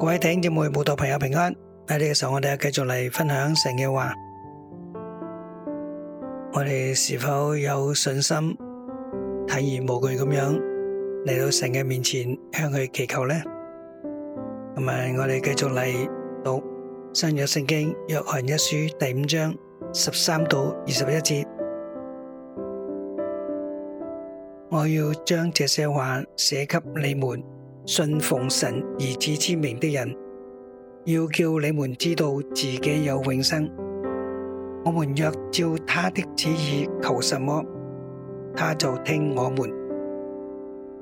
各位弟兄姊妹、聽眾朋友平安！喺呢個時候，我哋繼續嚟分享神嘅話。我哋是否有信心、坦然無懼咁樣嚟到神嘅面前向佢祈求呢？同埋，我哋繼續嚟讀新約聖經《約翰一書》第五章十三到二十一節。我要將這些話寫給你們。信奉神兒子之名的人，要叫你們知道自己有永生。我們若照他的旨意求什麼，他就聽我們。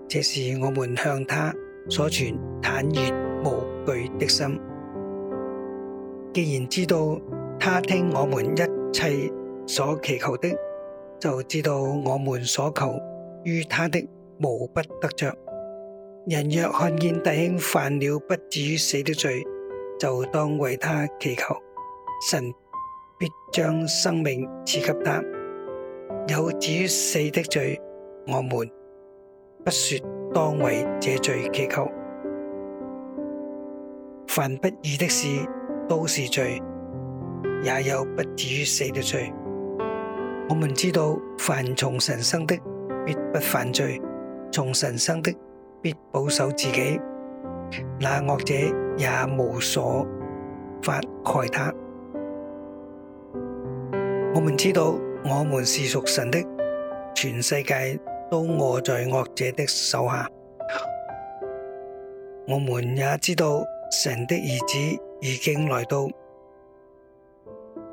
這是我們向他所存坦然無懼的心。既然知道他聽我們一切所祈求的，就知道我們所求於他的無不得着。人若看見弟兄犯了不至於死的罪，就當為他祈求，神必將生命賜給他。有至於死的罪，我們不說當為這罪祈求。凡不義的事都是罪，也有不至於死的罪。我們知道凡從神生的，必不犯罪；從神生的。必保守自己，那惡者也無所法蓋他。我們知道，我們是屬神的，全世界都臥在惡者的手下。我們也知道，神的兒子已經來到，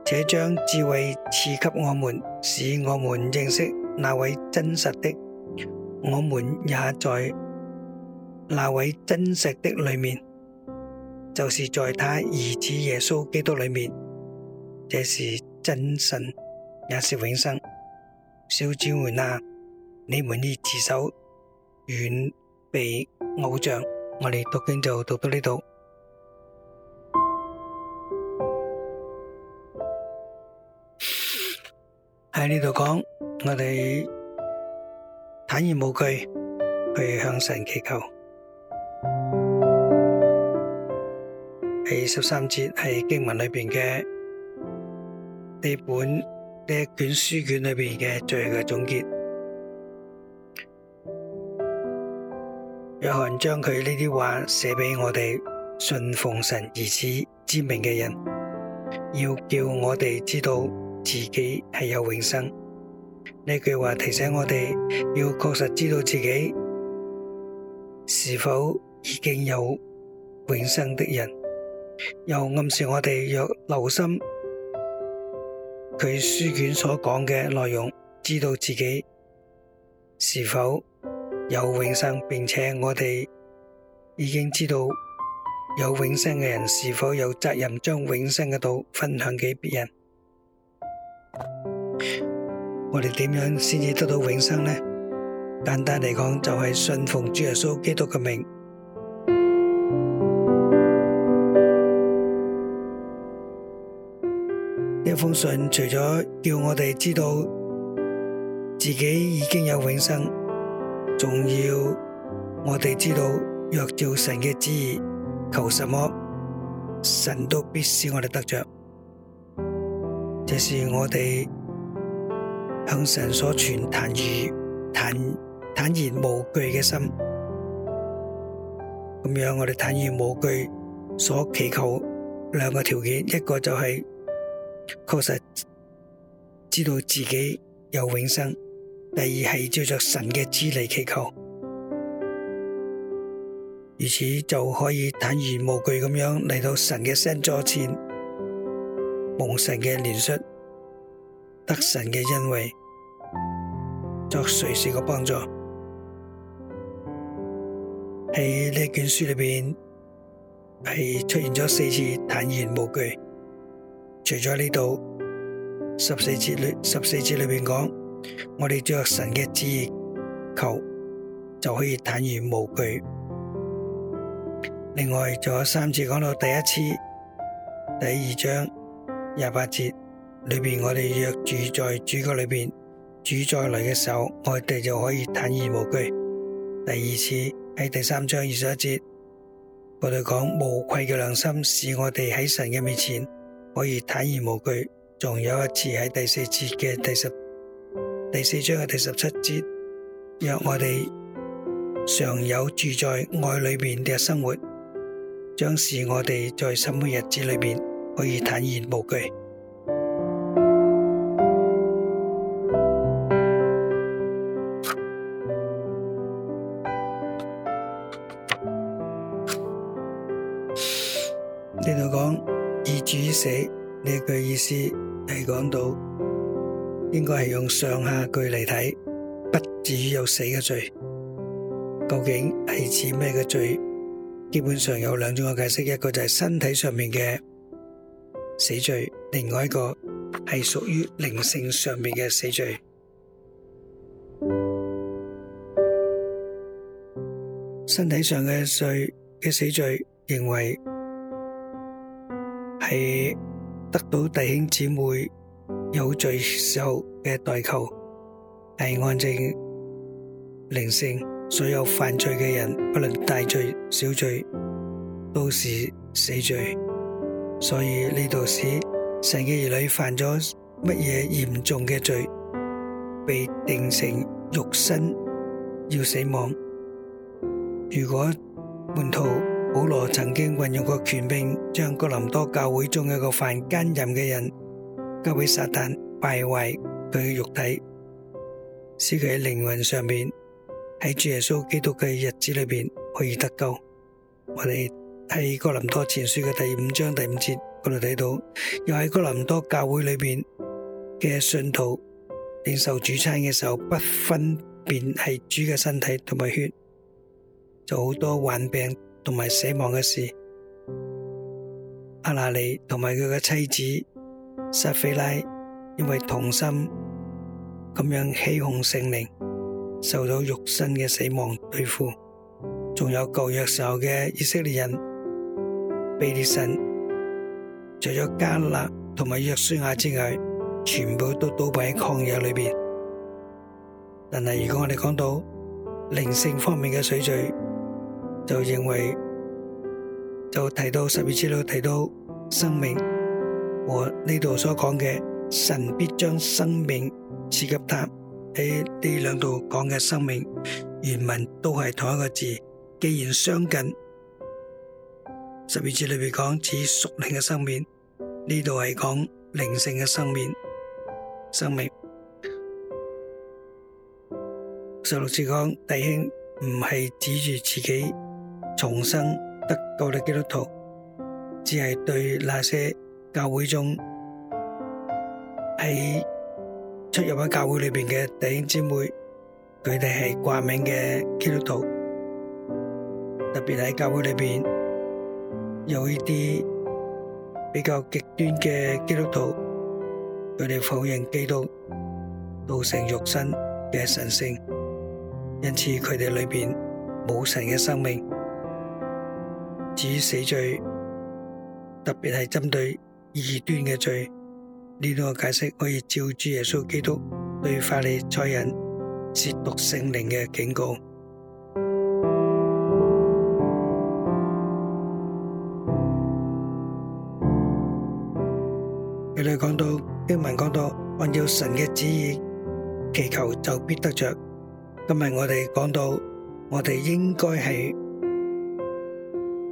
且將智慧賜給我們，使我們認識那位真實的。我們也在。那位真實的裏面，就是在他兒子耶穌基督裏面，這是真神，也是永生。小子們哪，你們要自守遠避偶像。我哋讀經就讀到呢度，喺呢度講，我哋坦然無懼去向神祈求。係十三節，係經文裏邊嘅呢本第一卷書卷裏邊嘅最後嘅總結。約翰將佢呢啲話寫俾我哋信奉神兒子之名嘅人，要叫我哋知道自己係有永生。呢句話提醒我哋要確實知道自己是否已經有永生的人。又暗示我哋要留心佢書卷所講嘅內容，知道自己是否有永生，並且我哋已經知道有永生嘅人是否有責任將永生嘅道分享俾別人。我哋點樣先至得到永生呢？簡單嚟講，就係信奉主耶穌基督嘅名。一封信除咗叫我哋知道自己已經有永生，仲要我哋知道若照神嘅旨意求什麼，神都必使我哋得着。這是我哋向神所傳坦如坦坦然無懼嘅心。咁樣我哋坦然無懼所祈求兩個條件，一個就係、是。確實知道自己有永生，第二係照着神嘅旨意祈求，如此就可以坦然無懼咁樣嚟到神嘅聖座前，蒙神嘅憐恤，得神嘅恩惠，作隨時嘅幫助。喺呢卷書裏邊係出現咗四次坦然無懼。除咗呢度十四節裏十四節裏邊講，我哋着神嘅旨意求，就可以坦然無懼。另外仲有三次講到第一次，第二章廿八節裏邊，我哋若住在主嘅裏邊，主再來嘅時候，我哋就可以坦然無懼。第二次喺第三章二十一節，我哋講無愧嘅良心，使我哋喺神嘅面前。可以，可以坦然無懼，仲有一次喺第四節嘅第十第四章嘅第十七節，若我哋常有住在愛裏面嘅生活，將是我哋在什麼日子裏面可以坦然無懼？呢度講。以至於死呢句意思係講到，應該係用上下句嚟睇，不至於有死嘅罪。究竟係指咩嘅罪？基本上有兩種嘅解釋，一個就係身體上面嘅死罪，另外一個係屬於靈性上面嘅死罪。身體上嘅罪嘅死罪，認為。係得到弟兄姊妹有罪時候嘅代求，係按正靈性，所有犯罪嘅人，不論大罪小罪，都是死罪。所以呢度使神嘅兒女犯咗乜嘢嚴重嘅罪，被定成肉身要死亡。如果門徒。保羅曾經運用過權柄，將哥林多教會中一個犯姦淫嘅人交俾撒旦敗壞佢嘅肉體，使佢喺靈魂上面，喺主耶穌基督嘅日子裏邊可以得救。我哋喺哥林多前書嘅第五章第五節嗰度睇到，又喺哥林多教會裏邊嘅信徒，領受主餐嘅時候，不分辨係主嘅身體同埋血，就好多患病。同埋死亡嘅事，阿拿尼同埋佢嘅妻子撒菲拉因為同心咁樣欺哄聖靈，受到肉身嘅死亡對付。仲有舊約時候嘅以色列人，悖逆神，除咗迦勒同埋約書亞之外，全部都倒斃喺曠野裏邊。但係如果我哋講到靈性方面嘅水罪。就認為就提到十二節裏提到生命和，呢度所講嘅神必將生命賜給他，喺呢兩度講嘅生命原文都係同一個字，既然相近，十二節裏邊講指屬靈嘅生命，呢度係講靈性嘅生命，生命。十六節講弟兄唔係指住自己，重生得救嘅基督徒，只係對那些教會中係出入喺教會裏邊嘅弟兄姊妹，佢哋係掛名嘅基督徒。特別喺教會裏邊有呢啲比較極端嘅基督徒，佢哋否認基督道成肉身嘅神聖，因此佢哋裏邊冇神嘅生命。至於死罪，特別係針對異端嘅罪，呢度嘅解釋，可以照住耶穌基督對法利賽人褻瀆聖靈嘅警告。佢哋講到經文講到，按照神嘅旨意祈求就必得着。今日我哋講到，我哋應該係。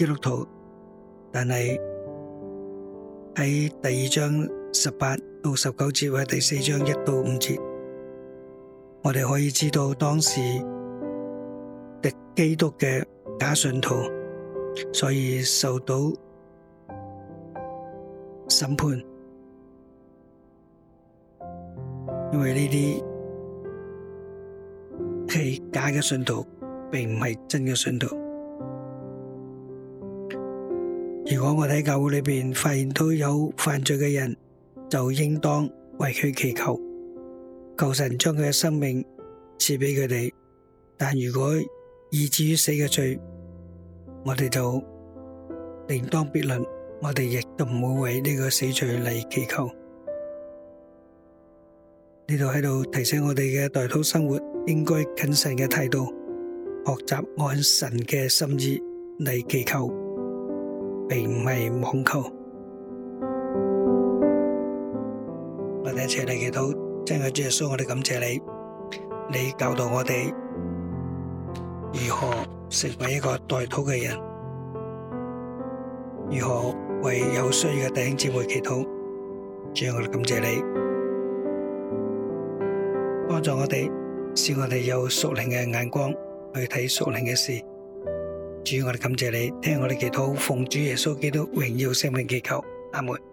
基督徒，但係喺第二章十八到十九節，或者第四章一到五節，我哋可以知道當時敵基督嘅假信徒，所以受到審判，因為呢啲係假嘅信徒，並唔係真嘅信徒。如果我喺教會裏邊發現到有犯罪嘅人，就應當為佢祈求，求神將佢嘅生命賜俾佢哋。但如果以至於死嘅罪，我哋就另當別論，我哋亦都唔會為呢個死罪嚟祈求。呢度喺度提醒我哋嘅代禱生活應該謹慎嘅態度，學習按神嘅心意嚟祈求。並唔係網購。我哋一齊嚟祈禱，真係主耶穌，我哋感謝你，你教導我哋如何成為一個代禱嘅人，如何為有需要嘅弟兄姊妹祈禱。主耶穌，我哋感謝你，幫助我哋使我哋有屬靈嘅眼光去睇屬靈嘅事。主，我哋感謝你，聽我哋祈禱，奉主耶穌基督榮耀聖名祈求，阿門。